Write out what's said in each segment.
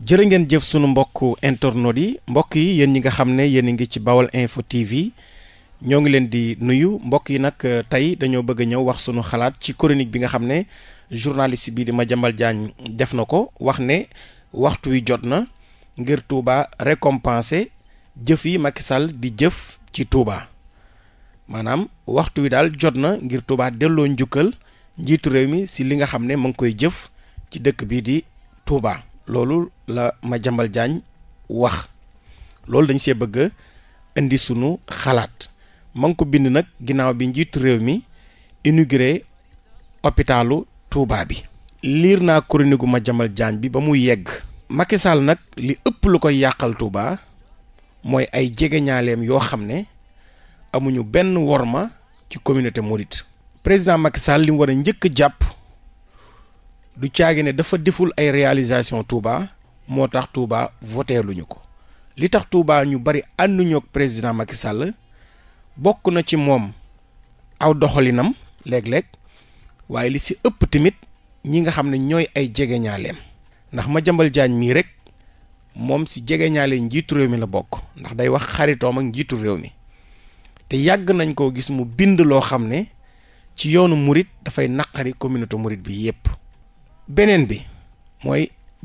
jërë ngeen jëf sunu mbokku internautes yi mbokk yi yéen ñi nga xam ne yéen a ngi ci Bawal Info TV ñoo ngi leen di nuyu mbokk yi nag euh, tey dañoo bëgg a ñëw wax sunu xalaat ci chronique bi nga xam ne journaliste bii di ma Madiambal Diagne def na ko wax ne waxtu wi jot na ngir Touba récompenser jëf yi Macky Sall di jëf ci Touba maanaam waxtu wi daal jot na ngir Touba delloo njukkal njiitu réew mi si li nga xam ne mu ngi koy jëf ci dëkk bi di Touba. loolu la ma Madiambal Diagne wax loolu dañ see bëgg indi sunu xalaat ma ngi ko bind nag ginnaaw bi njiitu réew mi inauguré hôpitalu Touba bi liir naa chronique ma Madiambal jaañ bi ba mu yegg Macky nag li ëpp lu koy yàqal Touba mooy ay jegeñaaleem yoo xam ne amuñu benn worma ci communauté mouride président Macky Sall li mu war a njëkk jàpp du caagi ne dafa deful ay réalisation Touba moo tax Touba voté luñu ko li tax Touba ñu bari ànduñu ak président Macky Sall bokk na ci moom aw doxalinam léeg-léeg waaye li si ëpp tamit ñi nga xam ne ñooy ay jegeñaaleem ndax ma jambal Diagne mii rek moom si jegeñaale njiitu réew mi la bokk ndax day wax xaritoom ak njiitu réew mi te yàgg nañ koo gis mu bind loo xam ne ci yoonu murit dafay naqari communauté murit bi yépp beneen bi mooy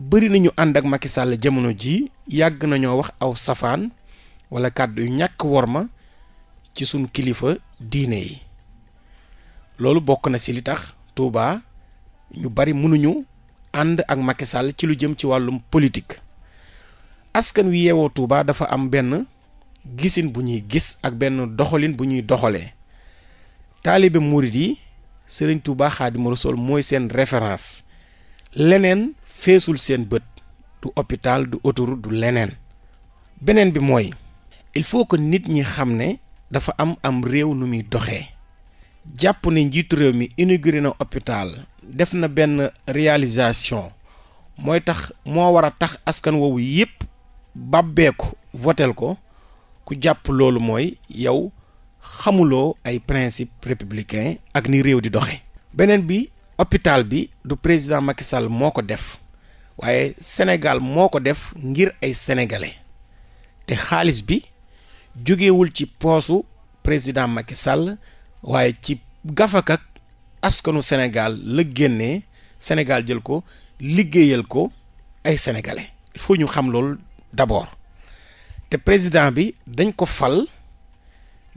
bari nañu ànd ak Macky jamono jii yàgg nañoo wax aw safaan wala kàddu yu ñàkk worma ci sunu kilifa diine yi loolu bokk na si li tax Touba ñu bari mënuñu ànd ak Macky ci lu jëm ci wàllum politik askan wi yeewoo Touba dafa am benn gisin bu ñuy gis ak benn doxalin bu ñuy doxalee taalibe murit yi Serigne Touba Xaadimu Rasuul mooy seen référence leneen feesul seen bët du hôpital du autoroute du leneen beneen bi mooy il faut que nit ñi xam ne dafa am am réew nu muy doxee jàpp ne njiitu réew mi inauguré na hôpital def na benn réalisation mooy tax moo war a tax askan woowu yépp bàbbeeku votel ko ku jàpp loolu mooy yow xamuloo ay principe républicain ak ni réew di doxe hôpital bi du président Macky Sall moo ko def waaye Sénégal moo ko def ngir ay sénégalais te xaalis bi jógewul ci poosu président Macky Sall waaye ci gafakak askanu Sénégal la génnee Sénégal jël ko liggéeyal ko ay sénégalais il ñu xam loolu d'abord te président bi dañ ko fal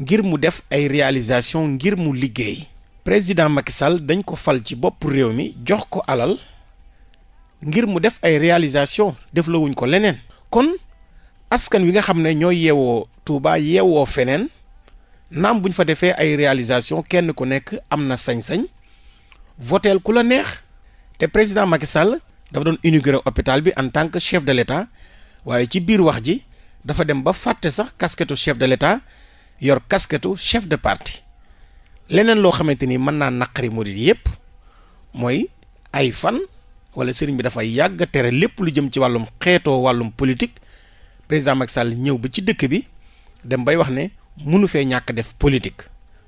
ngir mu def ay réalisation ngir mu liggéey président Macky Sall dañ ko fal ci bopp réew mi jox ko alal ngir mu def ay réalisation def la wuñ ko leneen kon askan wi nga xam ne ñooy yeewoo Touba yeewoo feneen naam buñ fa defee ay réalisation kenn ku nekk am na sañ-sañ voteel ku la neex te président Macky Sall dafa doon inaugurer hôpital bi en tant que chef de l'État waaye ci biir wax ji dafa dem ba fàtte sax casquette chef de l'État yor casquette chef de partie leneen loo xamante ni mën naa naqari murid yépp mooy ay fan wala sëriñ bi dafay yàgg tere lépp lu jëm ci wàllum xeetoo wàllum politique président Macky Sall ñëw ba ci dëkk bi dem bay wax ne munu fee ñàkk def politique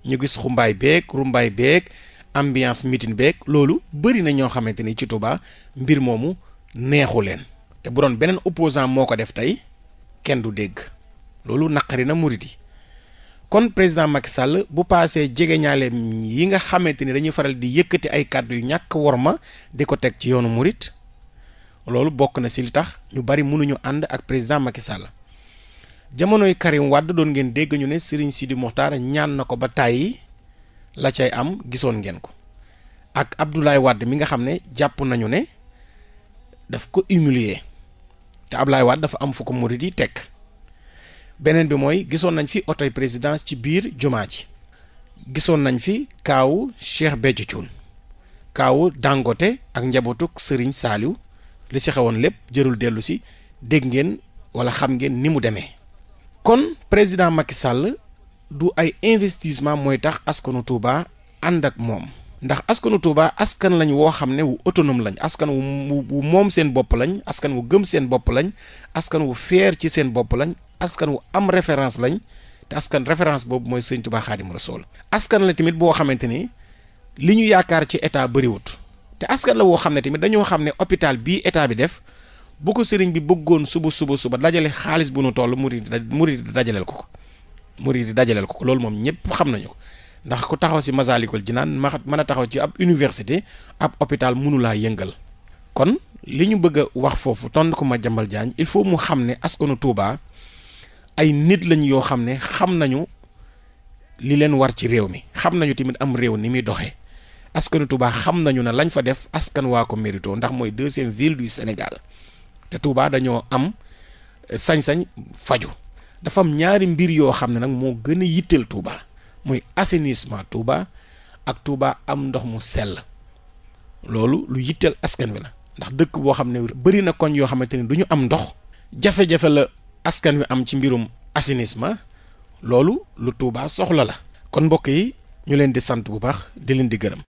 ñu gis xumbaay beeg rumbaay beeg ambiance mitin beeg loolu bëri na ñoo xamante ni ci Touba mbir moomu neexu leen te bu doon beneen opposant moo ko def tey kenn du dégg loolu naqari na murid kon président Macky Sall bu paasee jege ñaaleem yi nga xamante ni dañuy faral di yëkkati ay kàddu yu ñàkk worma di ko teg ci yoonu murit loolu bokk na si li tax ñu bari mënuñu ànd ak président Macky Sall jamonoy Karim Wade doon ngeen dégg ñu ne Serigne Sidi Mokhtar ñaan na ko ba tàyyi la cay am gisoon ngeen ko ak Abdoulaye Wade mi nga xam ne jàpp nañu ne daf ko humilier te Abdoulaye Wade dafa am fu ko murit yi teg. beneen bi mooy gisoon nañ fi otoy présidence ci biir jumaa ji gisoon nañ fi kaawu Cheikh Béthio coon kaawu Dangote ak njabootuk Serigne saaliw li si lépp jërul dellu si dégg ngeen wala xam ngeen ni mu demee kon président Macky sàll du ay investissement mooy tax askanu Touba ànd ak moom ndax askanu Touba askan lañ woo xam ne wu autonome lañ askan wu wu moom seen bopp lañ askan wu gëm seen bopp lañ askan wu fier ci seen bopp lañ askan wu am référence lañ te askan référence boobu mooy sëñ Touba Xaadim Rasool askan la tamit boo xamante ni li ñu yaakaar ci état bëriwut te askan la woo xam ne tamit dañoo xam ne hôpital bii état bi def bu ko sëriñ bi bëggoon suba suba suba dajale xaalis bu nu toll murid murid dajaleel ko ko murid dajaleel ko ko loolu moom ñëpp xam nañu ko ndax ku taxaw si Masaalikul Jinaan ma mën a taxaw ci ab université ab hôpital mënulaa yëngal kon li ñu bëgg a wax foofu tontu ko jambal Diagne il faut mu xam ne askanu Touba ay nit lañ yoo xam ne xam nañu li leen war ci réew mi xam nañu tamit am réew ni muy doxee askanu Touba xam nañu ne lañ fa def askan waa ko mérito ndax mooy deuxième ville du Sénégal te Touba dañoo am sañ-sañ faju dafa am ñaari mbir yoo xam ne nag moo gën a yitteel Touba. muy assainissement Touba ak Touba am ndox mu sell loolu lu yitteel askan wi na ndax dëkk boo xam ne bëri na koñ yoo xamante ni du ñu am ndox jafe-jafe la askan wi am ci mbirum assainissement loolu lu Touba soxla la kon mbokk yi ñu leen di sant bu baax di leen di gërëm